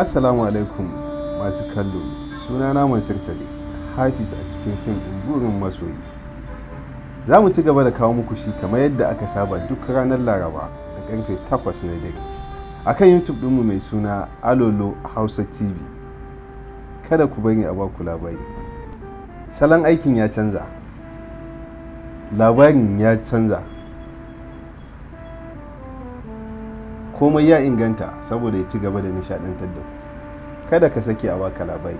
assalamu alaikum masu kallo suna naman sale hafiz a cikin fim ɗin burin masoyi za mu ci gaba da kawo muku shi kamar yadda aka saba duk ranar laraba da karfe 8 na dare a kan youtube ɗinmu mai suna alolo hausa tv kada ku bari a baku labari salon aikin ya canza labarin ya canza komai ya inganta saboda ya ci gaba da nishadantar da ku kada ka sake a baka labari